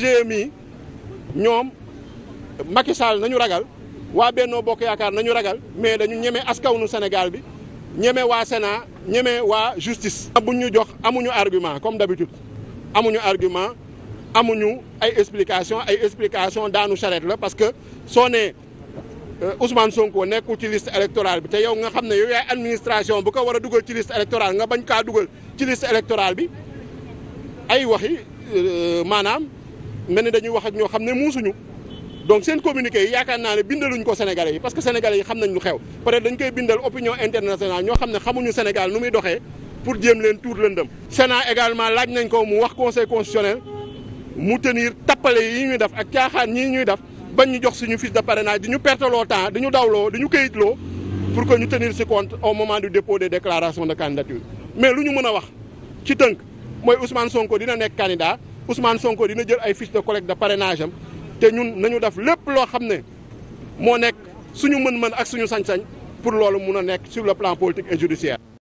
CGE ñoom Macky Sall nañu ragal waa Bennoo Bokk Yaakaar nañu ragal mais dañu ñeme askawnu senegal bi ñeme waa Sénat ñeme waa justice. buñ ñu jox amuñu argument comme d'habitude amuñu argument amuñu ay explication ay explication daanu charette la parce que soo nee euh, Ousmane Sonko nekkul ci liste électorale bi te yow nga xam ne yow yaay administration bu ko war a dugal ci liste électorale nga bañ kaa dugal ci liste électorale bi ay waxi euh, maanaam. nga ne dañuy wax ak ñoo xam ne muusuñu donc seen communiqué yi yaakaar naa ne bindaluñ ko sénégalais yi parce que sénégalais yi xam nañ lu xew peut-être dañ koy bindal opinion internationale ñoo xam ne xamuñu Sénégal nu muy doxee pour jéem leen tuur lëndëm Sénat également laaj nañ ko mu wax conseil constitutionnel mu tenir tappale yi ñuy def ak caaxaan yi ñuy def bañ ñu jox suñu fiche de parrainage di ñu perteloo temps di ñu dawloo di ñu këyitloo pour que ñu tenir ci compte au moment du dépôt des déclarations de candidature mais lu ñu mën a wax ci tënk mooy Ousmane Sonko dina nekk candidat Ousmane Sonko dina jël ay fiches de collecte de parrainage te ñun nañu def lépp loo xam ne moo nekk suñu mën-mën ak suñu sañ-sañ pour loolu mun a nekk sur le plan politique et judiciaire